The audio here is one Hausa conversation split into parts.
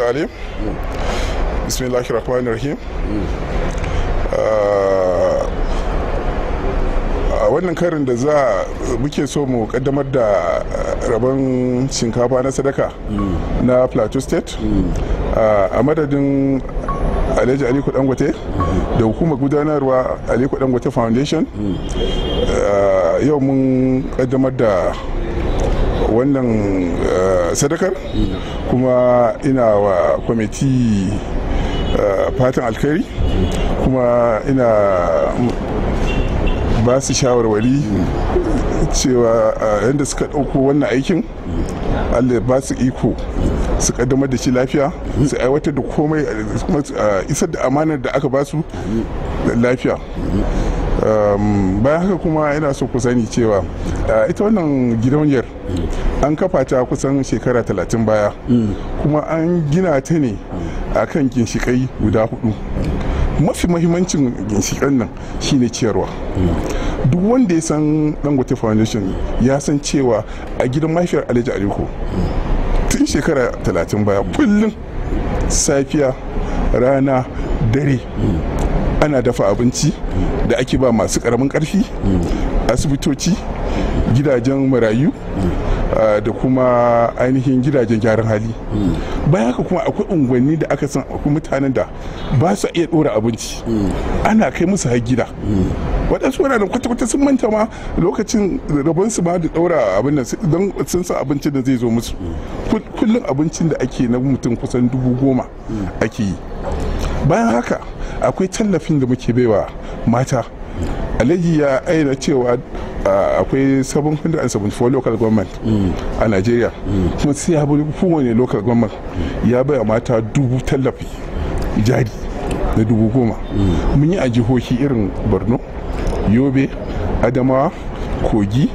Ali ah, a wannan karin da za muke so mu kaddamar da ah, rabon shinkafa na sadaka na plateau state ah, a madadin alhaji aliko dangote da hukumar gudanarwa aliko dangote foundation yau mun kaddamar da wannan eh, sadakar kuma ina wa kwamiti eh, fatan alkhairi kuma ina ba su shawarwari cewa eh, yadda suka ɗauko wannan aikin allah ba su iko su kaddamar da shi lafiya su aiwatar da komai isar da amanar da aka ba su lafiya Ehm, bayan haka kuma ina so ku sani cewa eh, ita wannan gidauniyar an kafa ta kusan shekara talatin baya hmm. kuma an gina ta ne a kan ginshikai guda hudu mafi mahimmancin ginshikan nan shine ciyarwa hmm. duk wanda ya san dangote foundation ya san cewa a gidan mafiyar alhaji aliko hmm. tun shekara talatin baya kullum safiya rana dare ana dafa abinci da ake ba masu karamin karfi asibitoci gidajen marayu da kuma ainihin gidajen gyaran hali bayan haka kuma akwai unguwanni da aka san akwai mutanen da ba su iya dora abinci ana kai musu har gida waɗansu da kwata-kwata sun manta ma lokacin rabon su ba da ɗaura abin nan don sun san abincin da zai zo musu kullum abincin da ake na mutum kusan dubu goma ake yi bayan haka akwai tallafin da muke baiwa mata alhaji ya aina cewa akwai 774 local government mm. a nigeria mm. kuma sai ya bari kowane local government ya baya mata dubu tallafi jari na dubu goma mm. mun yi a jihohi irin borno yobe adamawa kogi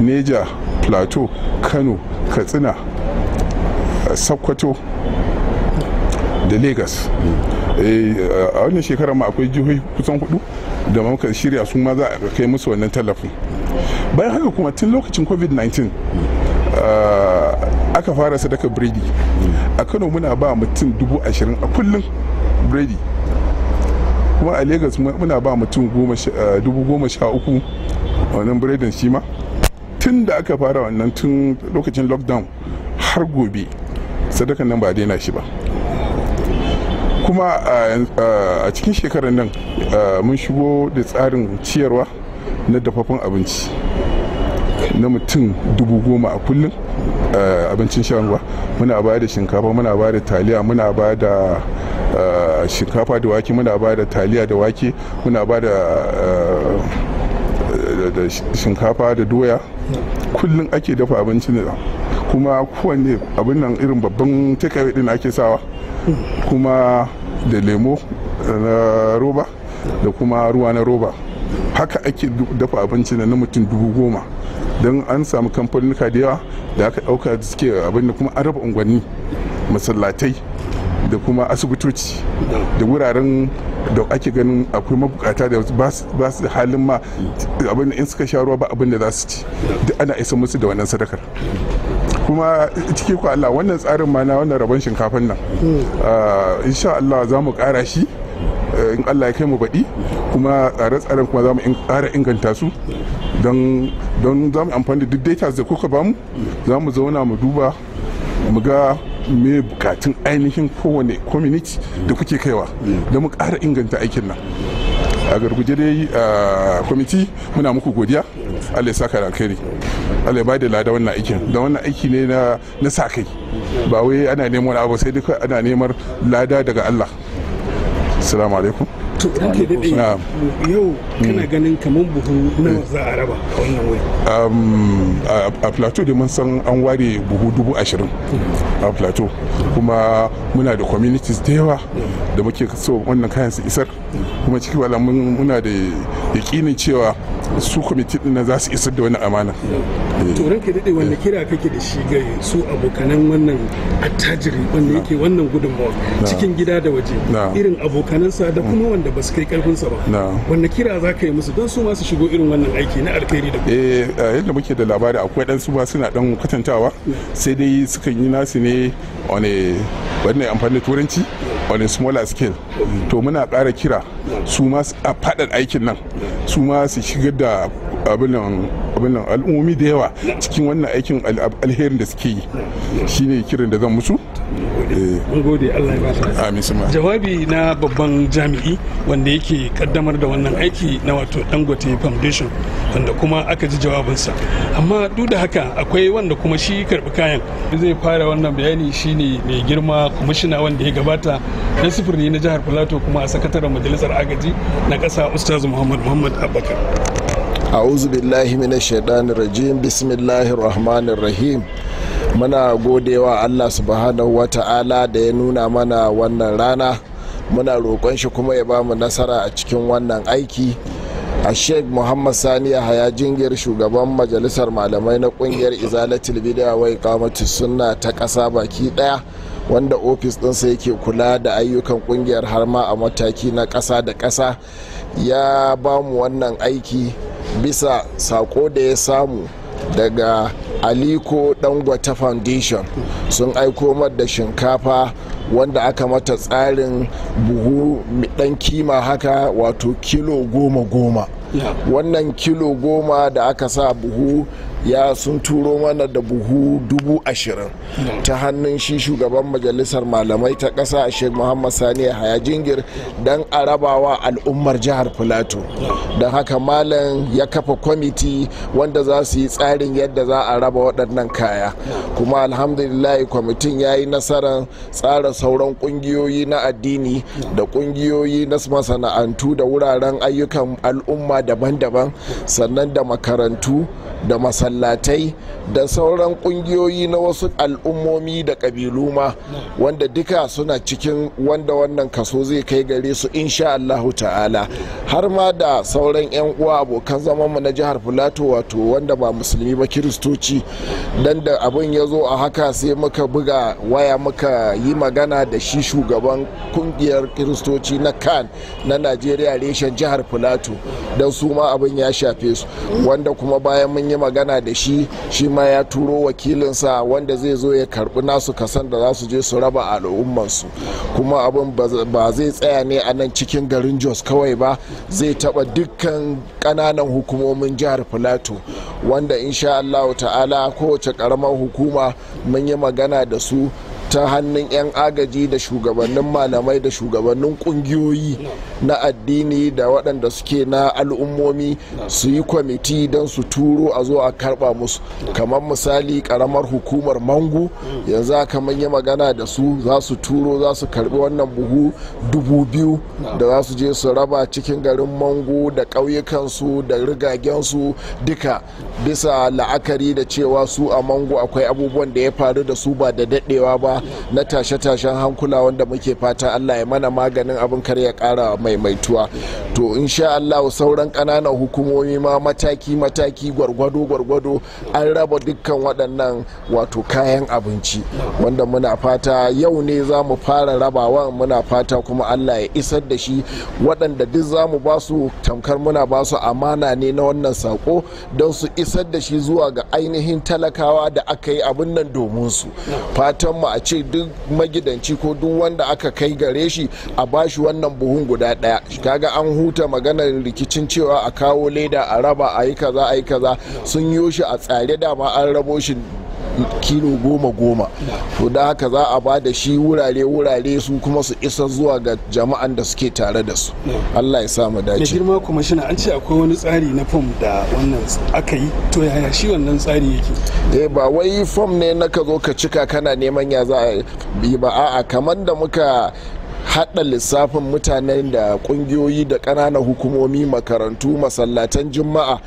neja plateau kano katsina sokoto da lagos eh, a wannan shekarar ma akwai jihohi kusan hudu da muka shirya su ma za a kai musu wannan tallafin bayan haka kuma tun lokacin covid-19 ah, aka fara sadaka brady a kano muna ba mutum dubu ashirin a kullum brady kuma a lagos muna ba mutum ah, dubu goma sha uku wannan bredin shi ma tun da aka fara wannan tun lokacin lockdown har gobe sadakan nan ba daina shi ba kuma a cikin shekarar nan mun shigo da tsarin ciyarwa na dafaffen abinci na mutum dubu goma a kullum abincin shan muna ba da shinkafa muna ba da taliya muna ba da shinkafa da wake muna ba da taliya da wake muna ba da shinkafa da doya kullum ake dafa abincin da kuma kowanne abin nan irin babban takawai din ake sawa kuma da lemo eh, na roba da kuma ruwa na roba haka ake dafa abinci na mutum dubu goma don an samu kamfanin da yawa da aka dauka suke abin da kuma an raba unguwanni masallatai da kuma asibitoci da wuraren da ake ganin akwai mabukata da ba su halin ma abin in suka sha ruwa ba abin da za su ci duk ana isa musu da wannan sadakar kuma ciki ku Allah wannan tsarin ma na wannan rabon shinkafan nan hmm. ah, insha Allah za mu ƙara shi eh, in Allah ya kai mu baɗi kuma tsare-tsaren kuma za mu ƙara inganta su don za mu amfani da duk data da kuka ba mu za mu zauna mu duba mu ga me bukatun ainihin kowane community da kuke kaiwa hmm. da mu kara inganta aikin nan a garguje dai a kwamiti muna muku godiya allah saka da alkhairi allah ya bada lada wannan aikin da wannan aiki ne na sa kai ba wai ana neman abu sai duka ana neman lada daga allah assalamu alaikum to daɗe yau hmm. kana ganin kamar buhu hmm. za a raba a wannan um, a plateau da mun san an ware buhu dubu ashirin a plateau kuma muna da communities da yawa da muke so wannan kayan su isar kuma ciki wala muna da yakinin cewa su kwamiti na za su isar da wani amana hmm. to ka daɗe wanda kira kake da shi ga su abokanan wannan attajiri wanda yake wannan gudunmawa cikin gida da waje irin abokanansa da kuma wanda da ba su kai karfin sa ba wanda kira za ka yi musu don su ma su shigo irin wannan aiki na alkhairi da eh yadda muke da labari akwai dan su ba suna dan kwatantawa sai dai sukan yi nasu ne on a wannan amfani turanci on a smaller scale to muna ƙara kira su ma a faɗaɗa aikin nan su ma su shigar da abin al'ummi da yawa cikin wannan aikin alherin da suke yi shine kiran da zan musu Eh. mun gode Allah ya ba amin jawabi na babban jami'i wanda yake kaddamar da wannan aiki na wato Dangote Foundation wanda kuma aka ji jawabinsa amma duk da haka akwai wanda kuma shi karbi kayan zai fara wannan bayani shine mai girma kwamishina wanda ya gabata na sufuri na jihar Plateau kuma a sakataren majalisar agaji na ƙasa Ustaz Muhammad Muhammad Abubakar أعوذ بالله من الشيطان الرجيم بسم الله الرحمن الرحيم muna godewa allah subhanahu wa ta'ala da ya nuna mana wannan rana muna roƙon shi kuma ya bamu nasara a cikin wannan aiki a sheikh muhammad saniya haya jingiyar shugaban majalisar malamai na kungiyar izalatul bid'a wai kamatu sunna ta ƙasa baki ɗaya wanda ofis ɗinsa yake kula da ayyukan kungiyar har ma a mataki na ƙasa da ƙasa ya bamu wannan aiki bisa sako da ya samu daga aliko dangwata foundation sun aiko mar da shinkafa wanda aka mata tsarin buhu dan kima haka wato kilo goma goma wannan kilo goma da aka sa buhu ya sun turo mana da buhu dubu ashirin ta hannun shi shugaban majalisar malamai ta ƙasa sheikh muhammad sani haya jingir don a rabawa al'ummar jihar filato don haka malam ya kafa kwamiti wanda za su yi tsarin yadda za a raba waɗannan kaya kuma alhamdulillah kwamitin ya yi nasarar tsara sauran ƙungiyoyi na addini da ƙungiyoyi na masana'antu da wuraren ayyukan al'umma daban-daban sannan da makarantu da masana latai. da sauran kungiyoyi na wasu al'ummomi da ƙabilu ma wanda duka suna cikin wanda wannan kaso zai kai gare su insha Allahu ta'ala har ma da sauran 'yan uwa abokan zamanmu na jihar Filato wato wanda ba musulmi ba kiristoci dan da abin ya zo a haka sai muka buga waya muka yi magana da shi shugaban kungiyar kiristoci na kan na najeriya reshen jihar filato don su ma abin ya shafe su wanda kuma bayan mun yi magana da shi shi ma ya turo wakilinsa wanda zai zo ya karbi nasu kasan da za su je su raba al'ummansu kuma abin ba zai tsaya ne a nan cikin garin jos kawai ba zai taba dukkan kananan hukumomin jihar filato wanda insha allahu ta'ala kowace karamar hukuma mun yi magana da su ta hannun 'yan agaji da shugabannin malamai da shugabannin kungiyoyi na addini da waɗanda suke na al'ummomi su yi kwamiti don su turo a zo a karɓa musu kamar misali karamar hukumar mangu yanzu aka manya magana da su za su turo za su karɓi wannan buhu dubu biyu da za su je su raba cikin garin mangu da ƙauyukansu da rigagensu duka bisa la'akari da cewa su a mangu akwai abubuwan da ya faru da su ba da daɗewa ba na tashe-tashen hankula wanda muke fata allah ya mana maganin abin karya ya kara maimaituwa to insha allah sauran ƙananan hukumomi ma mataki-mataki gwargwado-gwargwado an raba dukkan waɗannan wato kayan abinci wanda muna fata yau ne za mu fara rabawa muna fata kuma allah ya isar da shi waɗanda duk za mu ba su tamkar muna ba su amana ne na wannan sako don su isar da shi zuwa ga ainihin talakawa da aka yi abin nan domin su fatan mu a ce duk magidanci ko duk wanda aka kai gare shi a bashi wannan buhun guda daya kaga an huta maganar rikicin cewa a kawo leda a raba a yi kaza a yi kaza sun yi shi a tsare dama an rabo shi kilo goma goma to da haka za a ba da shi wurare wurare su kuma su isa zuwa ga jama'an da suke tare da su allah ya sa mu dace girma kuma shi an ce akwai wani tsari na fom da wannan aka yi to yaya shi wannan tsari yake eh ba wai fom ne na ka zo ka cika kana neman ya za a yi ba a'a kamar da muka hada lissafin mutanen da kungiyoyi da ƙananan hukumomi makarantu masallatan juma'a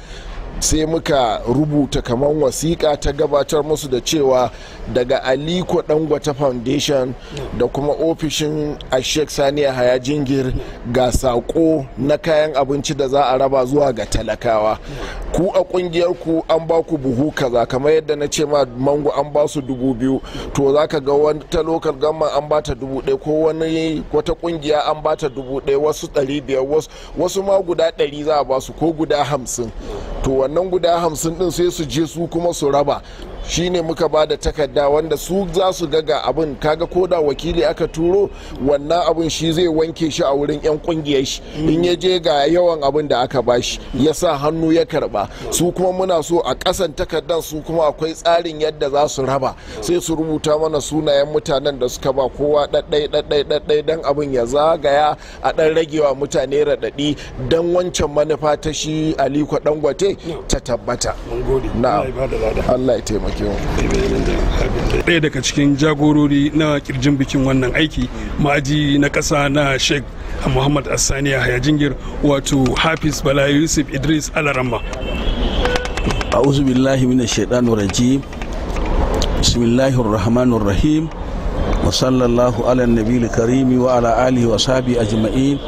sai muka rubuta kamar wasiƙa ta gabatar musu da cewa daga aliko dangwata foundation da kuma ofishin ashek saniya haya jingir ga saƙo na kayan abinci da za a raba zuwa ga talakawa ku a ƙungiyar ku an ba ku buhu kaza kamar yadda na ce ma mango an ba su dubu biyu to za ka ga ta lokal gamma an ba ta dubu ɗaya ko wani wata ƙungiya an ba ta dubu ɗaya wasu ɗari biyar wasu ma guda ɗari za a ba su ko guda hamsin to wannan guda hamsin din sai su je su kuma su raba shi ne muka ba da takarda wanda su za su gaga abin kaga koda wakili aka turo wannan abin shi zai wanke shi a wurin 'yan kungiyar shi in ya je ga yawan abin da aka shi ya sa hannu ya karba su kuma muna so a kasan takardar su kuma akwai tsarin yadda za su raba sai su rubuta mana sunayen mutanen da suka ba kowa ɗaɗɗai ɗaɗɗai ɗaɗɗai don abin ya zagaya a ɗan ragewa mutane raɗaɗi don wancan manufa ta shi aliko dangote ta tabbata Allah ya taimaka ɗaya daga cikin jagorori na kirjin bikin wannan aiki ma'aji na ƙasa na sheikh muhammad assaniya hayajingir wato hafiz bala yusuf idris alarama a'udhu billahi mina shaitanir raji bismillahir rahmanir rahim wa sallallahu ala nabiyil karimi wa ala alihi wa sabi ajma'in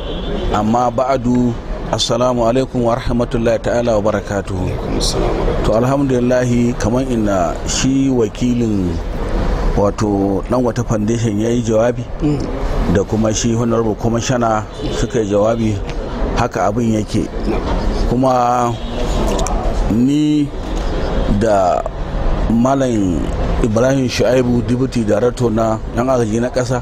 amma ba'adu assalamu alaikum wa rahmatullahi ta'ala wa barakatuhu to alhamdulillahi kamar ina shi wakilin wato dan wata foundation ya yi jawabi da kuma shi honorable kuma shana suka yi jawabi haka abin yake kuma ni da malam ibrahim shu'aibu dibuti darato na yan agaji na kasa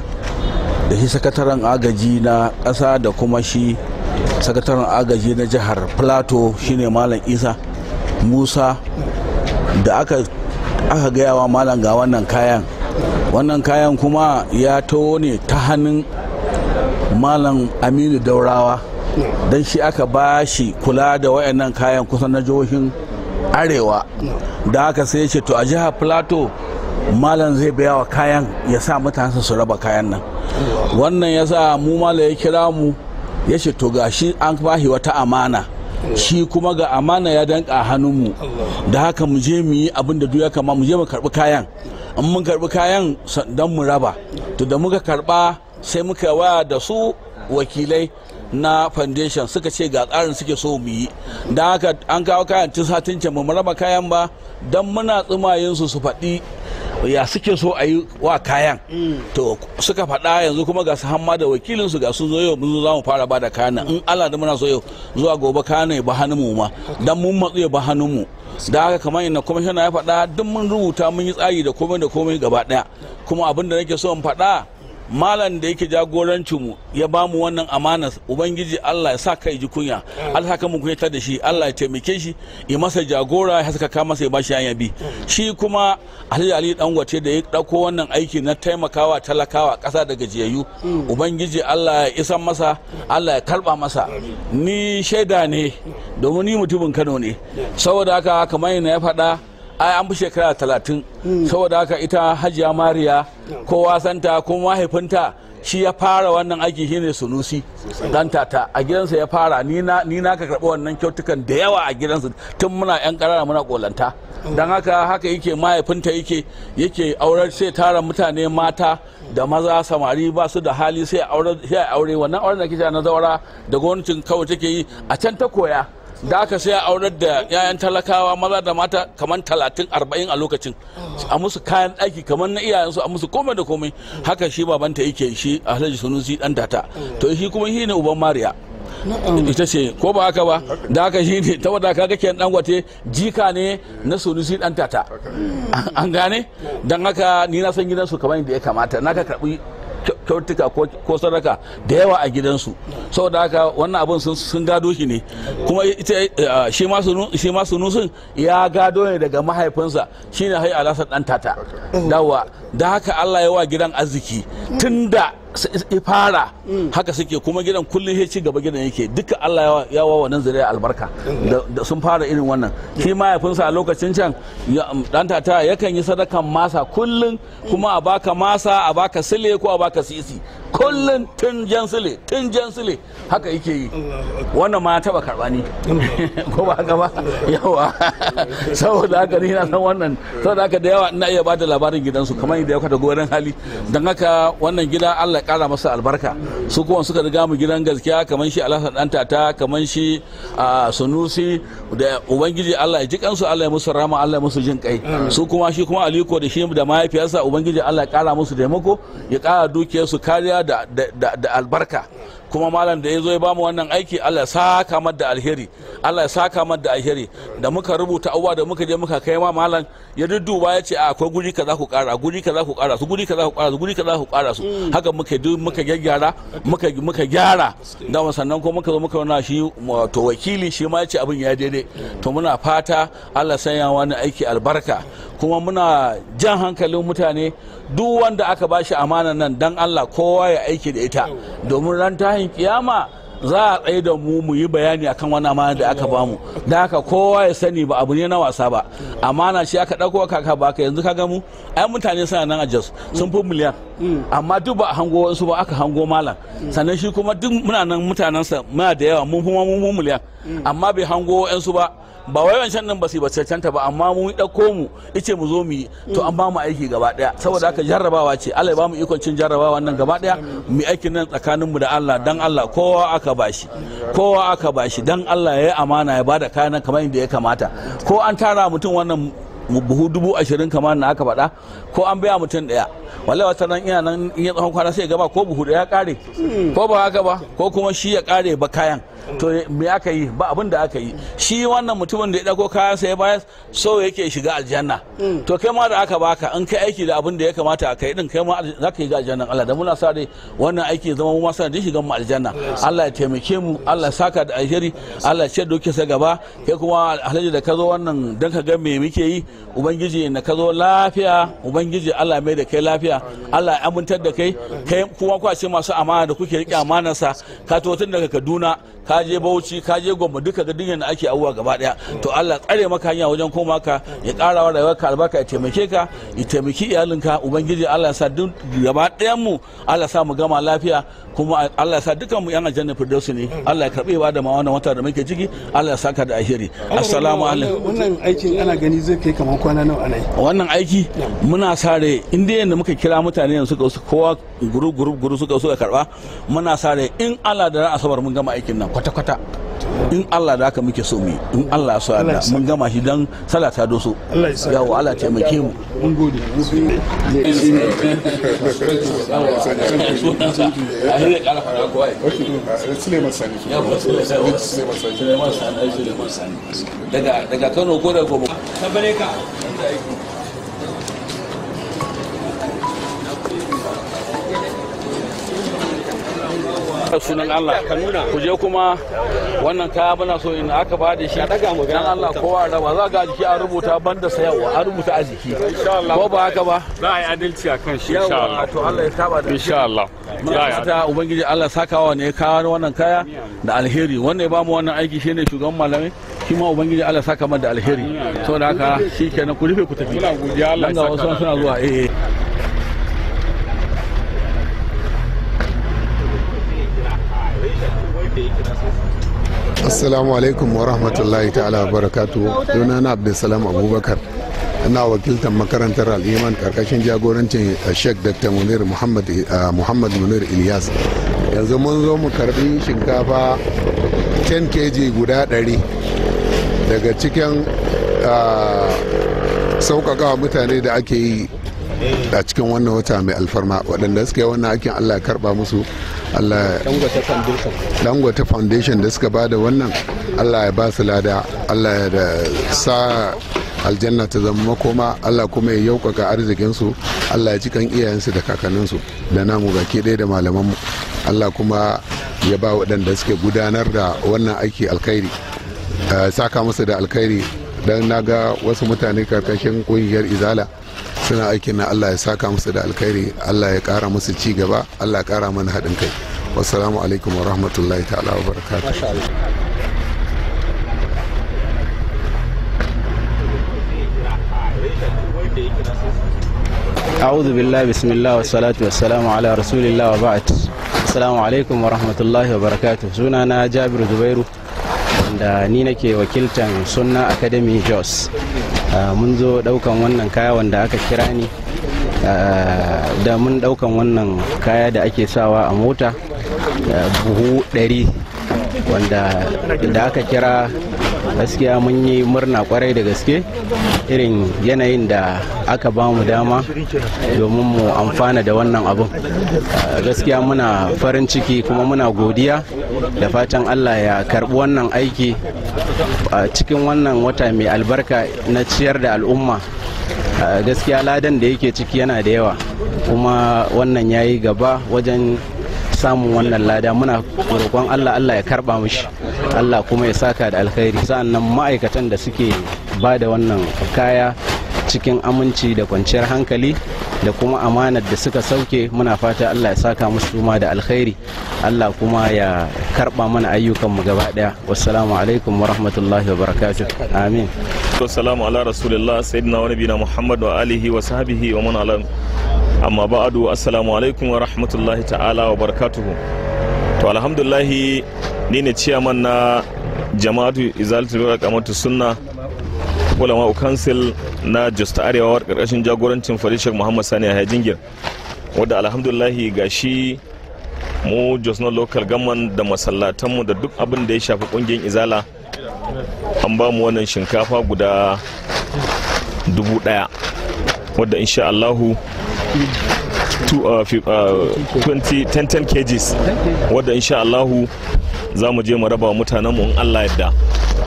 da shi sakataren agaji na kasa da kuma shi sakataren agaji na jihar plateau shine malam isa musa da aka aka gaya wa malam ga wannan kayan wannan kayan kuma ya taho ne ta hannun malam aminu daurawa don shi aka ba shi kula da wayannan kayan kusan na jihohin arewa da aka sai ce to a jihar plateau malam zai biya wa kayan ya sa mutane su raba kayan nan wannan ya sa mu malam ya kira mu ya ce to gashi an bahi wata amana shi kuma ga amana ya danka hannunmu da haka mu je mu yi abin da duya kama mu je mu karbi kayan in mun karbi kayan don mu raba to da muka karba sai muka waya da su wakilai na foundation suka ce ga tsarin suke so mu yi don haka an kawo kayan tun satin can mu raba kayan ba don muna tsumayen su su faɗi ya suke so a yi wa kayan to suka faɗa yanzu kuma ga su hamma da wakilin su ga sun zo yau mun za mu fara ba da kayan in Allah da muna so yau zuwa gobe kayan ya ba hannun mu ma dan mun matsu ya ba hannun mu da haka kamar ina kuma shi ya faɗa duk mun rubuta mun yi tsari da komai da komai gaba ɗaya kuma abin da nake so in faɗa malam da yake jagorancin mu ya ba mu wannan amana ubangiji Allah ya sa kai ji kunya mm. Allah haka mun kunyatar da shi Allah ya taimake shi ya masa jagora ya haskaka masa ya bashi hanya bi mm. shi kuma Alhaji Ali Dangote da ya dauko wannan aiki na taimakawa talakawa kasa da gajiyayyu mm. ubangiji Allah ya isan masa Allah ya karba masa ni shaida ne domin ni mutumin Kano ne saboda haka kamar yana ya faɗa ai an bi shekara talatin hmm. saboda haka ita hajiya mariya hmm. ko wasanta ko mahaifinta shi ya fara wannan aiki shine sunusi dan tata a gidansa ya fara ni na ka karɓi wannan kyautukan da yawa a gidansa tun muna yan karara muna kolanta hmm. don haka haka yake mahaifinta yake yake aurar sai tara mutane mata da maza samari ba su da hali sai aure aure wannan auren da kisa na zaura da gwamnatin kawai take yi a can ta koya da aka sai a aurar da 'ya'yan talakawa maza da mata kamar talatin arba'in a lokacin a musu kayan ɗaki kamar na iyayensu a musu komai da komai haka shi babanta yake shi a halaji sunusi dan data to shi kuma shi ne uban mariya ita ce ko ba haka ba da haka shi ne ta wadda kaga kenan dangote jika ne na sunusi dan tata an gane don haka ni na san gidansu kamar yadda ya kamata na ka karɓi kyautuka ko sadaka da yawa a gidansu saboda haka wannan abin sun gado shi ne kuma eh, ah, shi ma nusun ya gado ne daga mahaifinsa shine hai alasar dan tata dawa mm. da haka Allah ya wa gidan arziki tunda ya fara haka suke kuma gidan kullum ya ci gaba gidan yake duka Allah ya wa wannan zuriya albarka da sun fara irin wannan shi mahaifinsa a lokacin can dan um, tata yakan yi sadakan masa kullum kuma a baka masa a baka sile ko a baka sisi kullum tun jansile tun jansile haka yake yi wannan ma taba karba ni ko ba haka ba yawa saboda haka ni na san wannan saboda haka da yawa ina iya ba da labarin gidansu kamar yadda ya kwata goren hali don haka wannan gida Allah ya kara masa albarka su kuma suka riga mu gidan gaskiya kamar shi Alhassan dan tata kamar shi Sunusi da ubangiji Allah ya ji kansu Allah ya musu rama Allah ya musu jin kai su kuma shi kuma Aliko da shi da mahaifiyarsa ubangiji Allah ya kara musu taimako ya kara dukiyarsu kariya da albarka kuma malam da ya zo ya bamu wannan aiki Allah ya saka mar da alheri Allah ya saka mar da alheri da muka rubuta abubuwa da muka je muka kai ma malam ya dudduba ya ce akwai guri za ku kara guri za ku kara su guri za ku kara su guri za ku kara su mm. haka muka duk muka gyaggyara muka gyara da sannan ko muka zo muka wani shi to wakili shi ma ya ce abin ya daidai to muna fata Allah sanya wani aiki albarka kuma muna jan hankalin mutane duk wanda aka bashi amana nan dan Allah kowa ya aiki da ita domin ran tahin kiyama za a tsaye da mu mu yi bayani akan wani amana da aka bamu da haka kowa ya sani ba abu ne na wasa ba amana shi aka ɗauko kaka baka yanzu ka mu. ai mutane suna nan a jos sun fi miliyan amma duk ba a hango wasu ba aka hango malam sannan shi kuma duk muna nan mutanensa muna da yawa mun fi miliyan amma bai hango wasu ba ba wai wancan nan ba su cancanta ba amma mun ɗauko mu ice mu zo mu yi to an ba mu aiki gaba ɗaya. saboda haka jarrabawa ce Allah ya ba mu ikon cin jarrabawa nan gaba daya mu aikin nan tsakanin mu da Allah dan Allah kowa aka bashi kowa aka bashi dan Allah ya yi amana ya bada kayan kamar yadda ya kamata ko an tara mutum wannan buhu dubu ashirin kamar na aka faɗa ko an biya mutum ɗaya wallahi wata nan ina nan in ya tsawon kwana sai gaba ko buhu da ya kare ko ba haka ba ko kuma shi ya kare ba kayan to me aka yi ba abin da aka yi shi wannan mutumin da ya dauko kayan sa ya bayar so yake shiga aljanna mm. to kai ma da aka baka in kai aiki da abin da ya kamata a kai din kai ma za ka yi ga aljanna. Allah da muna sa dai wannan aiki zama mu ma sanar da shigan mu aljanna Allah ya taimake mu Allah ya saka da alheri Allah ya ce doke sa gaba kai kuma alhaji da ka zo wannan dan ka ga me muke yi ubangiji na ka zo lafiya ubangiji Allah mai da kai lafiya Allah ya amintar da kai kai kuma kwace masu amana da kuke rike amanarsa ka to tun daga Kaduna ka ka je bauchi ka je gombe duka ga duniyan da ake abubuwa gaba daya to Allah tsare maka hanya wajen koma ka ya ƙara wa rayuwar ka albarka ya taimake ka ya taimaki iyalinka ubangiji Allah ya sa duk gaba dayan mu Allah ya sa mu gama lafiya kuma Allah ya sa dukan mu yan aljanna firdausi ne Allah ya karbe ba da ma wannan wata da muke ciki Allah ya saka da alheri assalamu alaikum wannan aikin ana gani zai kai kamar kwana nawa ana wannan aiki muna sare inda yanda muka kira mutane yanzu kowa guru guru guru suka ka karba muna sare in Allah da ran asabar mun gama aikin nan kwata-kwata in Allah da aka muke so mu in Allah so Allah mun gama shi dan sallah ta doso wa Allah taimake mu mun gode daga daga Kano ko daga Gobe ka sunan Allah ku je kuma wannan kaya muna so in aka ba da shi dan Allah kowa raba za ga jiki a rubuta banda sayarwa a rubuta a jiki ko ba haka ba za a yi adalci a kan shi insha Allah to Allah ya saba da insha Allah ta ubangiji Allah sakawa ne kawo wannan kaya da alheri wannan ya ba mu wannan aiki shine shugaban malamai shi ma ubangiji Allah saka mana da alheri saboda haka shi kenan ku rufe ku tafi Allah ga wasu suna zuwa eh, eh. assalamu alaikum wa rahmatullahi ta'ala wa barakatu sunana abdulsalam abubakar ina wakiltar makarantar al'iman karkashin jagorancin eh, sheikh dr munir eh, muhammad munir ilyas yanzu mun zo mu karbi shinkafa 10 kg guda 100 daga cikin eh, sauƙaƙawa mutane da ake yi a cikin wannan wata mai alfarma waɗanda suka yi wannan aikin allah karɓa musu Allah Dangote Foundation da suka bada wannan Allah ya ba su lada Allah ya da sa aljanna ta zama makoma Allah kuma ya yaukaka arzikinsu Allah ya ci kan iyayensu da kakanninsu da namu baki ɗaya da malamanmu Allah kuma ya ba waɗanda suke gudanar da wannan aiki alkhairi eh, saka musu da alkhairi don na ga wasu mutane karkashin ƙungiyar izala suna aikin na allah ya saka musu da alkhairi allah ya kara musu ci gaba allah ya kara mana haɗin kai wassalamu alaikum wa rahmatullahi ta'ala wa barakatuh a'udhu billahi bismillah wassalatu wassalamu ala rasulillah wa ba'd assalamu alaikum wa rahmatullahi wa barakatuh na jabiru zubairu wanda ni nake wakiltan sunna academy jos Ah, mun zo daukan wannan kaya wanda aka kira ni ah, da mun daukan wannan kaya da ake sawa a mota ah, buhu 100 wanda da aka kira gaskiya mun yi murna kwarai da gaske irin yanayin da aka ba mu dama domin mu amfana da wannan abin gaskiya muna farin ciki kuma muna godiya da fatan allah ya karbi wannan aiki a cikin wannan wata mai albarka na ciyar da al'umma gaskiya ladan da yake ciki yana da yawa kuma wannan ya yi gaba wajen samun wannan lada muna roƙon allah allah ya karba mushi allah kuma ya saka da alkhairi sa'annan ma'aikatan da suke ba da wannan kaya cikin aminci da kwanciyar hankali da kuma amanar da suka sauke muna fata Allah ya saka musu suma da alkhairi Allah kuma ya karba mana ayyukan mu gaba daya wassalamu alaikum wa rahmatullahi wa barakatuh amin wassalamu ala rasulillah sayyidina wa nabina muhammad wa alihi wa sahbihi wa man alam amma ba'adu assalamu alaikum wa rahmatullahi ta'ala wa barakatuh to alhamdulahi ni ne ciyaman na jama'atu izalatul kamatu sunna ulama council na ta arewa karkashin jagorancin farishek muhammad sani a jingir wadda alhamdulahi ga shi mu jos na local gaman da masallatanmu da duk abin da ya shafi kungiyar izala an ba mu wannan shinkafa guda dubu daya wadda insha allahu 10 uh, uh, kgs wadda insha allahu za mu je mu raba mutanenmu in allah yadda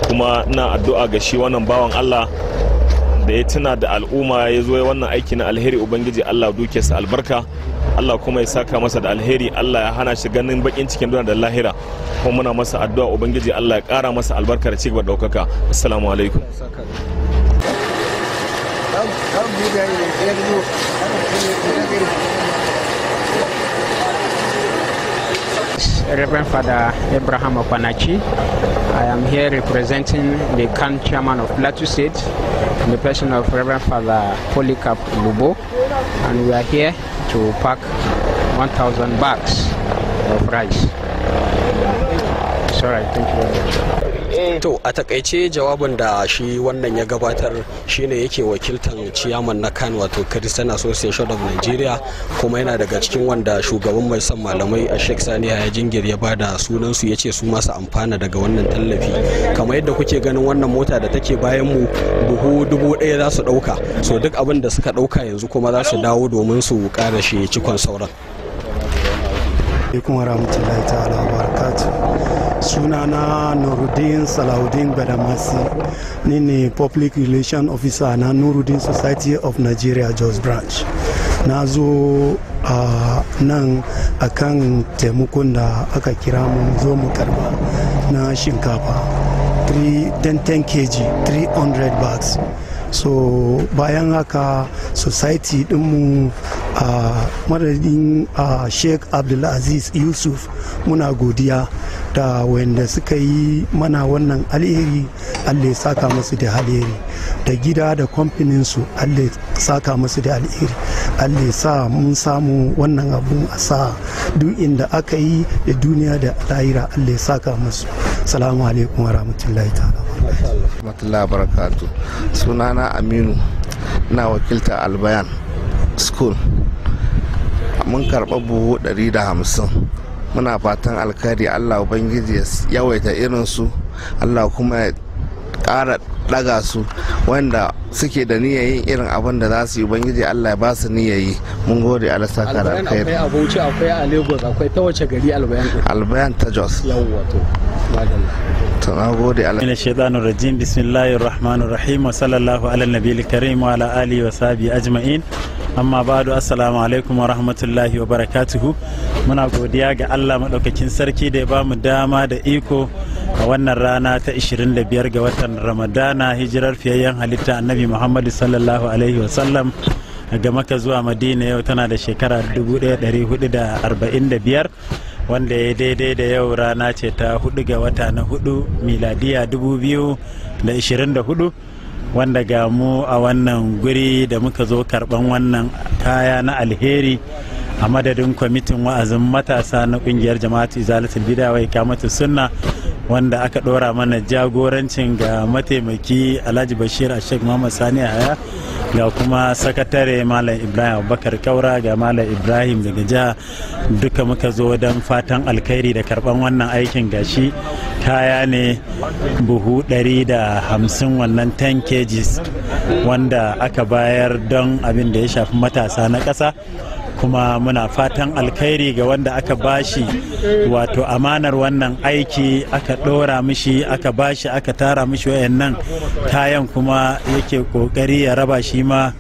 kuma na addu'a ga shi wannan bawan allah da ya tuna da al'umma ya zo wannan aiki na alheri ubangiji allah duke sa albarka allah kuma ya saka masa da alheri allah ya hana shi ganin bakin cikin duniya da lahira kuma muna masa addu'a ubangiji allah ya kara masa albarka da cigaba daukaka assalamu alaikum Reverend Father Abraham Okwanachi, I am here representing the current chairman of Plateau State in the person of Reverend Father Polycarp Lubo, and we are here to pack 1,000 bags of rice. Sorry, thank you very much. Eh. to a takaice jawabin da shi wannan ya gabatar shine yake wakiltar ciyaman na kan wato christian association of nigeria kuma yana daga cikin wanda shugaban mai son malamai a sheikh sani ya jingir ya da sunansu ya ce su masu amfana daga wannan tallafi kamar yadda kuke ganin wannan mota da take bayan mu buhu dubu ɗaya za su ɗauka so duk abin da suka ɗauka yanzu kuma za su dawo domin su ƙara shi cikon sauran alaikum warahmatullahi ta'ala wa na nuruddin salahuddin badamasi ni ne public relation officer na nuruddin society of nigeria jos branch na zo a nan a kan taimakon da aka kira mu zo mu karba na shinkafa 10 kg 300 bags so bayan haka society dinmu madadin sheikh abdulaziz yusuf muna godiya da wanda suka yi mana wannan alheri allah saka musu da alheri da gida da su allah saka musu da alheri allah sa mun samu wannan abun a sa duk inda aka yi da duniya da lahira allah saka musu salamu alaikum wa rahmatullahi ta'ala sunana aminu na wakilta albayan school mun karɓa buhu 150 muna fatan alkhairi allah ubangiji ya yawaita irinsu allah kuma ya ƙara ɗaga su wanda suke da niyayi irin abin da za su yi ubangiji allah ya ba su niyayi mun gode ala saka da alkhairi akwai abuci akwai a lagos akwai ta wace gari albayan albayan ta jos yawwa to na gode ala ina shaitanur rajim bismillahir rahmanir rahim wa sallallahu ala nabiyil karim wa ala alihi wa sahbihi ajma'in amma ba badu assalamu alaikum wa rahmatullahi wa barakatuhu muna godiya ga allah maɗaukakin sarki da ya ba mu dama da iko a wannan rana ta 25 ga watan ramadana hijirar fiyayyen halitta annabi muhammadu sallallahu alaihi sallam daga maka zuwa madina yau tana da shekara 1445 wanda ya daidai da yau rana ce ta hudu ga wata na hudu miladiya 2024 wanda ga mu a wannan guri da muka zo karban wannan kaya na alheri a madadin kwamitin wa'azin matasa na kungiyar jama'atu izalatul bidawai kamatu sunna wanda aka dora mana jagorancin ga mataimaki alhaji bashir a sheikh muhammad sani haya ga kuma sakatare malam ibrahim abubakar kaura ga malam ibrahim daga jiha duka muka zo don fatan alkhairi da karban wannan aikin gashi kaya ne buhu 150 wannan 10 kgs wanda aka bayar don abin da ya shafi matasa na ƙasa kuma muna fatan alkhairi ga wanda aka bashi wato amanar wannan aiki aka ɗora mishi aka bashi aka tara mishi wayannan kayan kuma yake ƙoƙari ya raba shi ma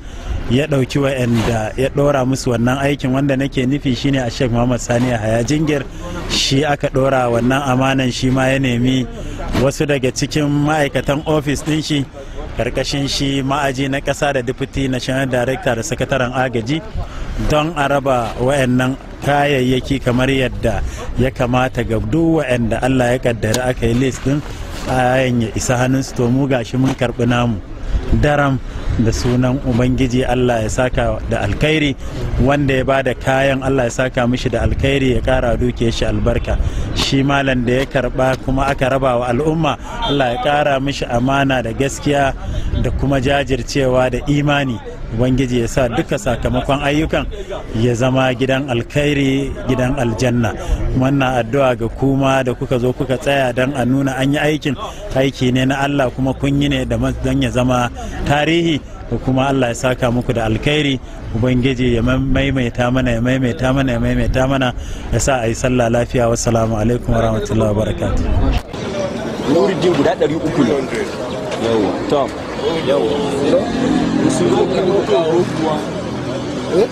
ya ɗauki wa'anda ya ɗora musu wannan aikin wanda nake nufi shine a sheik muhammad sani haya jingir shi aka ɗora wannan amanan shi ma ya nemi wasu daga cikin ma'aikatan ofis ɗin shi karkashin shi ma'aji na ƙasa da diputi national director da sakataren agaji don a raba wayannan kayayyaki kamar yadda ya kamata ga duk wa'anda Allah ya kaddara aka yi list din ya isa hannun su to mu gashi mun karbi namu daram da sunan ubangiji allah ya saka da alkhairi wanda ya bada kayan allah ya saka mishi da alkhairi ya kara duke shi albarka shi malam da ya karba kuma aka raba wa al'umma allah ya kara mishi amana da gaskiya da kuma jajircewa da imani ubangiji ya sa duka sakamakon ayyukan ya zama gidan alkhairi gidan aljanna wannan addu'a ga kuma da kuka zo kuka tsaya don a nuna an yi aikin aiki ne na allah kuma kun yi ne don ya zama tarihi ko kuma allah ya saka muku da alkhairi ubangiji ya maimaita mana ya maimaita mana ya maimaita mana ya sa a yi sallah lafiya wassalamu alaikum warahmatullahi wabarakatuh guda 300 ne tom yau usivuke kutoka huko.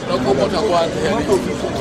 Nakumbuka kwa